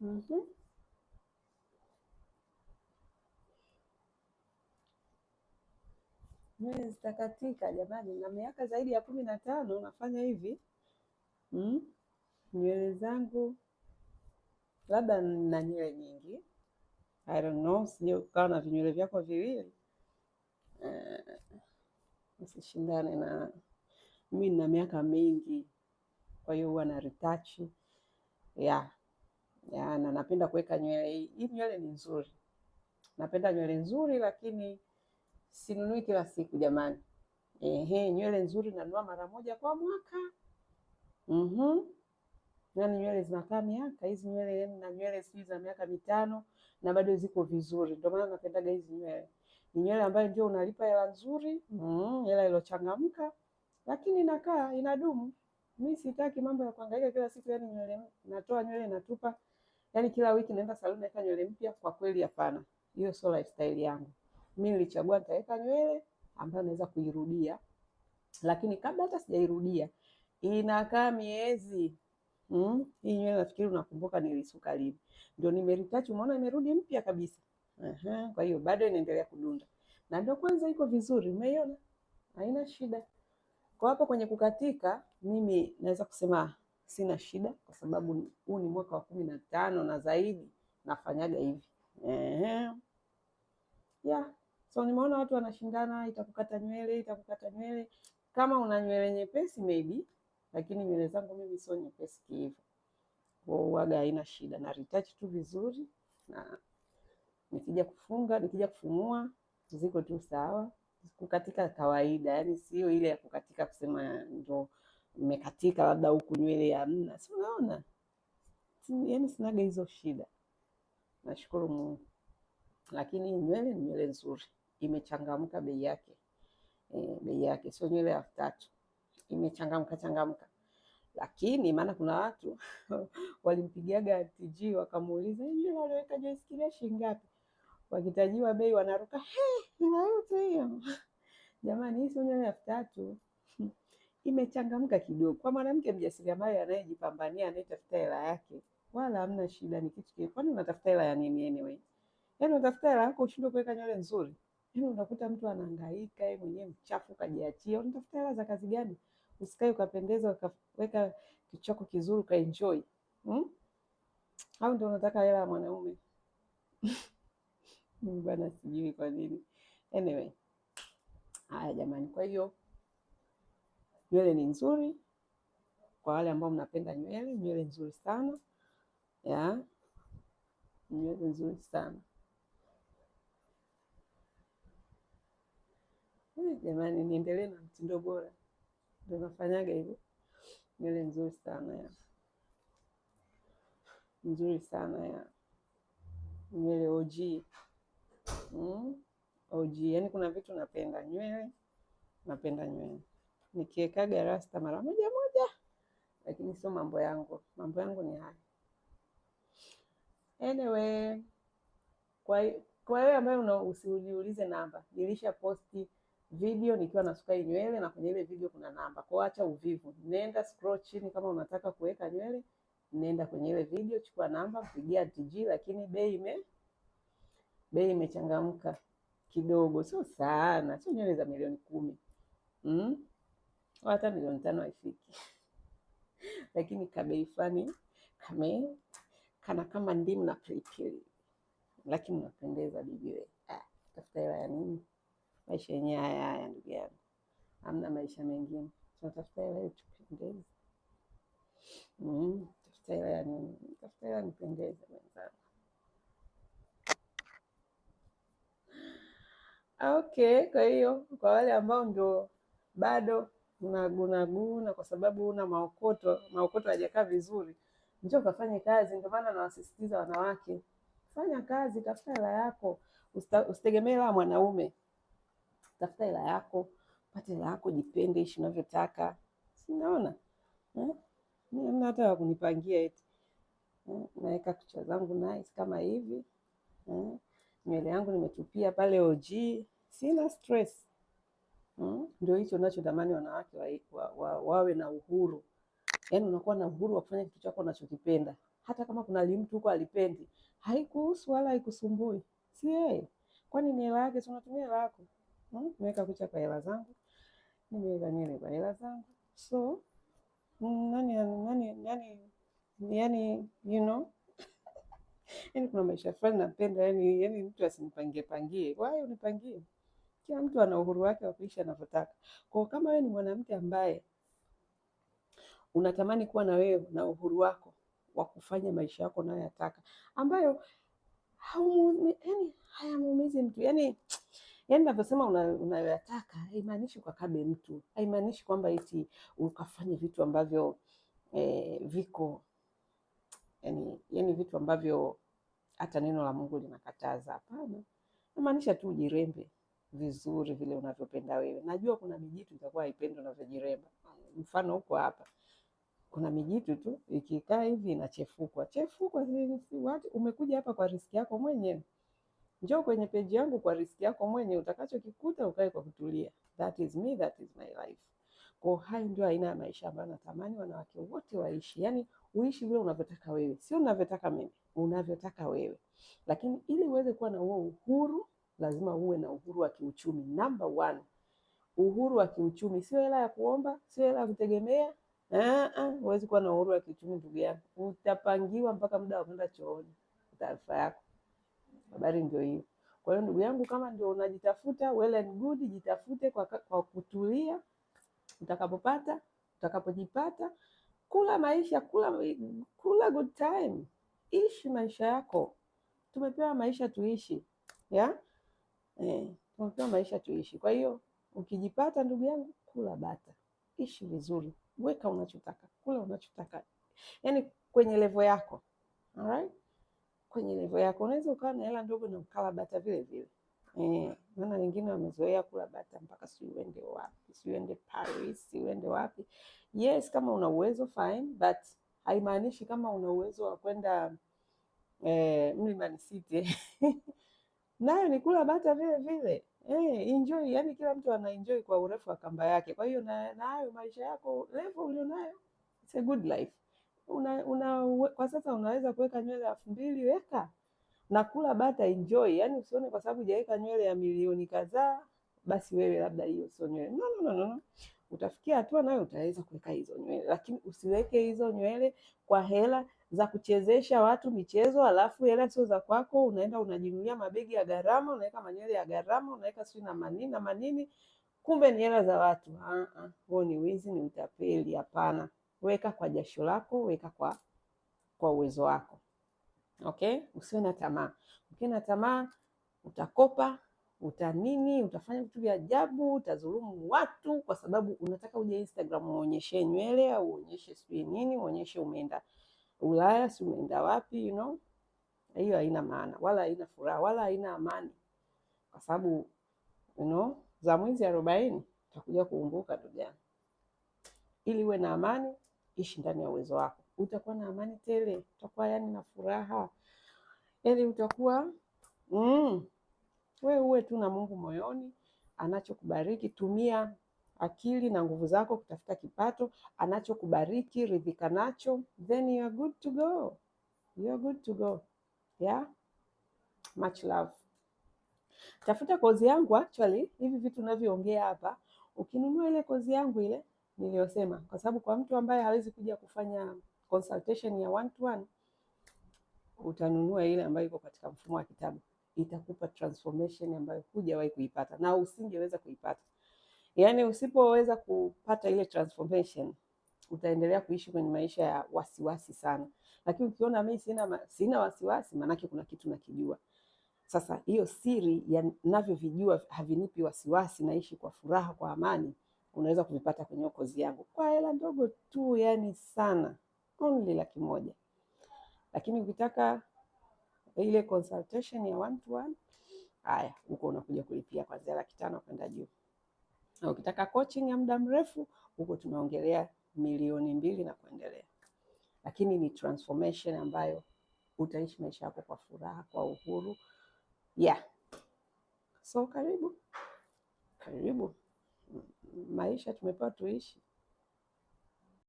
Mm -hmm. Nywele zitakatika jamani, na miaka zaidi ya kumi na tano nafanya hivi mm? nywele zangu labda na nywele nyingi I don't know, sije ukawa na vinywele vyako viwili eh, usishindane. na mimi na miaka mingi, kwa hiyo huwa na retouch yeah ya, na napenda kuweka nywele hii. nywele ni nzuri, napenda nywele nzuri, lakini sinunui kila siku jamani. Ehe, nywele nzuri nanunua mara moja kwa mwaka. Mhm. Yaani nywele zinakaa miaka hizi nywele yani na nywele sijui za miaka mitano na bado ziko vizuri. Ndio maana napendaga hizi nywele. Ni nywele ambayo ndio unalipa hela nzuri, mm, hela ilochangamka, lakini inakaa inadumu. Mimi sitaki mambo ya kuangaika kila siku, yani nywele natoa nywele natupa. Yaani kila wiki naenda saluni naweka nywele mpya, kwa kweli hapana, hiyo sio lifestyle yangu. Mimi nilichagua nitaweka nywele ambayo naweza kuirudia, lakini kabla hata sijairudia inakaa miezi mm. Hii nywele nafikiri unakumbuka nilisuka lini, ndio nimeritachi, umeona imerudi mpya kabisa. Aha, kwa hiyo bado inaendelea kudunda na ndio kwanza iko vizuri, umeiona, haina shida. Kwa hapo kwenye kukatika, mimi naweza kusema sina shida, kwa sababu huu ni mwaka wa kumi na tano na zaidi nafanyaga hivi ehe. Yeah. So nimeona watu wanashindana, itakukata nywele, itakukata nywele. Kama una nywele nyepesi maybe, lakini nywele zangu mimi sio nyepesi hivyo, uaga haina shida, na retouch tu vizuri, na nikija kufunga, nikija kufumua ziko tu sawa, kukatika kawaida, yani sio ile ya kukatika kusema ndio imekatika labda huku nywele hamna, si unaona? Yani sinaga hizo shida, nashukuru Mungu. Lakini nywele ni nywele nzuri, imechangamka, bei yake e, bei yake sio nywele elfu tatu, imechangamka changamka. Lakini maana kuna watu walimpigiaga TG wakamuuliza nywele aliweka Joyce shilingi ngapi, wakitajiwa bei wanaruka, he, ina yote hiyo jamani, hii sio nywele elfu tatu imechangamka kidogo. Kwa mwanamke mjasiriamali anayejipambania, anayetafuta hela yake, wala hamna shida, ni kitu kile. Kwani unatafuta hela ya nini anyway? Yani unatafuta hela yako ushindwe kuweka nywele nzuri. Yaani unakuta mtu anahangaika yeye mwenyewe mchafu kajiachia. Unatafuta hela za kazi gani? Usikae ukapendeza ukaweka kichoko kizuri ukaenjoy. Hmm? Au ndio unataka hela ya mwanaume? Bwana sijui kwa nini. Anyway. Haya jamani, kwa hiyo Nywele ni nzuri kwa wale ambao mnapenda nywele, nywele nzuri sana ya nywele nzuri sana eh, jamani, niendelee na mtindo bora, ndio nafanyaga hivyo. Nywele nzuri sana ya nzuri sana ya nywele OG mm? OG, yani kuna vitu napenda nywele, napenda nywele nikiwekaga rasta mara moja moja, lakini sio mambo yangu. Mambo yangu ni haya. Anyway, kwa kwa wewe ambaye usijiulize namba, nilisha posti video nikiwa nasuka nywele na kwenye ile video kuna namba. Kwa acha uvivu, nenda scroll chini kama unataka kuweka nywele, nenda kwenye ile video, chukua namba, pigia TG. Lakini bei ime bei imechangamka kidogo, sio sana, sio nywele za milioni kumi mm? hata milioni tano haifiki lakini kabei fulani kame kana kama ndimu na pilipili, lakini unapendeza bibi Ah, tafuta hela ya nini? Maisha yenyewe haya haya, ndugu yangu, hamna maisha mengine, tunatafuta hela ili tupendeze. Mm, tafuta hela ya nini? Tafuta hela nipendeze mwenzangu. Okay, kwa hiyo kwa wale ambao ndio bado unagunaguna kwa sababu una maokoto, maokoto hayajakaa vizuri, njoo ukafanye kazi. Ndio maana nawasisitiza wanawake, fanya kazi, tafuta hela yako, usitegemee hela mwanaume, tafuta hela yako, pata hela yako, jipende, ishi unavyotaka. Sinaona eh? mna hata wakunipangia eti eh, naweka kucha zangu nice kama hivi, eh? nywele yangu nimetupia pale OG, sina stress. Hmm? Ndio hicho nachotamani wanawake wa, wa, wa, wawe na uhuru, yaani unakuwa na uhuru wa kufanya kitu chako unachokipenda, hata kama kuna limtu huko alipendi, haikuhusu wala haikusumbui, si yeye, kwani ni hela yake, tunatumia hela yako. Hmm? Nimeweka kucha kwa hela zangu, nimeweka nywele kwa hela zangu, so nani nani nani yani you know yani kuna maisha fulani napenda yani, yani mtu asinipangie pangie, waye unipangie. Kila mtu ana uhuru wake wa kuishi anavyotaka. Kwa kama wewe ni mwanamke ambaye unatamani kuwa na wewe na uhuru wako wa kufanya maisha yako unayoyataka, ambayo yani hayamuumizi mtu yani yani navyosema unayoyataka una haimaanishi ukakabe mtu, haimaanishi kwamba eti ukafanye vitu ambavyo eh, viko yani, yani vitu ambavyo hata neno la Mungu linakataza. Hapana, namaanisha tu ujirembe vizuri vile unavyopenda wewe. Najua kuna mijitu itakuwa haipendi unavyojiremba. Mfano huko hapa kuna mijitu tu ikikaa hivi inachefukwa chefukwa. Umekuja hapa kwa riski yako mwenyewe. Njoo kwenye peji yangu kwa riski yako mwenyewe, utakachokikuta ukae kwa kutulia. That is me, that is my life. Kwa hayo ndio aina ya maisha ambayo natamani wanawake wote waishi, yani uishi vile unavyotaka wewe, sio unavyotaka mimi, unavyotaka wewe, lakini ili uweze kuwa na huo uhuru lazima uwe na uhuru wa kiuchumi. Namba one, uhuru wa kiuchumi, sio hela ya kuomba, sio hela ya kutegemea. Huwezi kuwa na uhuru wa kiuchumi ndugu yangu, utapangiwa mpaka muda wa kwenda chooni. Taarifa yako, habari ndio hiyo. Kwa hiyo ndugu yangu, kama ndio unajitafuta, well and good, jitafute kwa, kwa kutulia. Utakapopata, utakapojipata, kula maisha, kula, kula good time, ishi maisha yako. Tumepewa maisha tuishi, yeah? eh, tunapewa maisha tuishi. Kwa hiyo ukijipata, ndugu yangu, kula bata, ishi vizuri, weka unachotaka, kula unachotaka, yani kwenye levo yako. Alright, kwenye levo yako unaweza ukawa na hela ndogo na ukala bata vile vile. Eh, maana wengine wamezoea kula bata mpaka si uende wapi, si uende Paris, si uende wapi. Yes, kama una uwezo fine, but haimaanishi kama una uwezo wa kwenda eh, Mlimani City nayo ni kula bata vile vile. Hey, eh, enjoy, yani kila mtu ana enjoy kwa urefu wa kamba yake. Kwa hiyo na maisha yako refu ulionayo, it's a good life. Una, una kwa sasa unaweza kuweka nywele elfu mbili weka na kula bata enjoy. Yani usione kwa sababu hujaweka nywele ya milioni kadhaa basi wewe labda hiyo sio nywele. No, no, no, no. Utafikia hatua nayo utaweza kuweka hizo nywele, lakini usiweke hizo nywele kwa hela za kuchezesha watu michezo, alafu hela sio za kwako, unaenda unajinunulia mabegi ya gharama, unaweka manywele ya gharama, unaweka sio na manini na manini, kumbe ni hela za watu. Huo ni wizi, ni utapeli. Hapana, weka kwa jasho lako, weka kwa kwa uwezo wako. Okay, usiwe na tamaa. Ukiwa na tamaa utakopa utanini, utafanya vitu vya ajabu, utazulumu watu kwa sababu unataka uje Instagram uonyeshe nywele au uonyeshe sijui nini, uonyeshe umeenda Ulaya, si umeenda wapi? You know, hiyo haina maana wala haina furaha wala haina amani, kwa sababu you know, za mwezi arobaini utakuja kuumbuka ndugu Ili uwe na amani, ishi ndani ya uwezo wako, utakuwa na amani tele, utakuwa yani na furaha, yaani utakuwa mm, wewe uwe tu na Mungu moyoni, anachokubariki tumia akili na nguvu zako kutafuta kipato, anachokubariki ridhika nacho, then you are good to go, you are good to go yeah. Much love. Tafuta kozi yangu actually, hivi vitu navyoongea hapa, ukinunua ile kozi yangu ile niliyosema, kwa sababu kwa mtu ambaye hawezi kuja kufanya consultation ya one to one, utanunua ile ambayo iko katika mfumo wa kitabu, itakupa transformation ambayo hujawahi kuipata na usingeweza kuipata. Yaani usipoweza kupata ile transformation utaendelea kuishi kwenye maisha ya wasiwasi sana, lakini ukiona mimi sina, sina wasiwasi, maanake kuna kitu nakijua. Sasa hiyo siri ya navyovijua havinipi wasiwasi, naishi kwa furaha, kwa amani, unaweza kuvipata kwenye kozi yangu kwa hela ndogo tu, yani sana only laki moja. Lakini ukitaka ile consultation ya one to one, haya uko unakuja kulipia kuanzia laki tano kwenda juu na ukitaka coaching ya muda mrefu huko tunaongelea milioni mbili na kuendelea, lakini ni transformation ambayo utaishi maisha yako kwa furaha, kwa uhuru yeah. So karibu karibu, maisha tumepewa tuishi.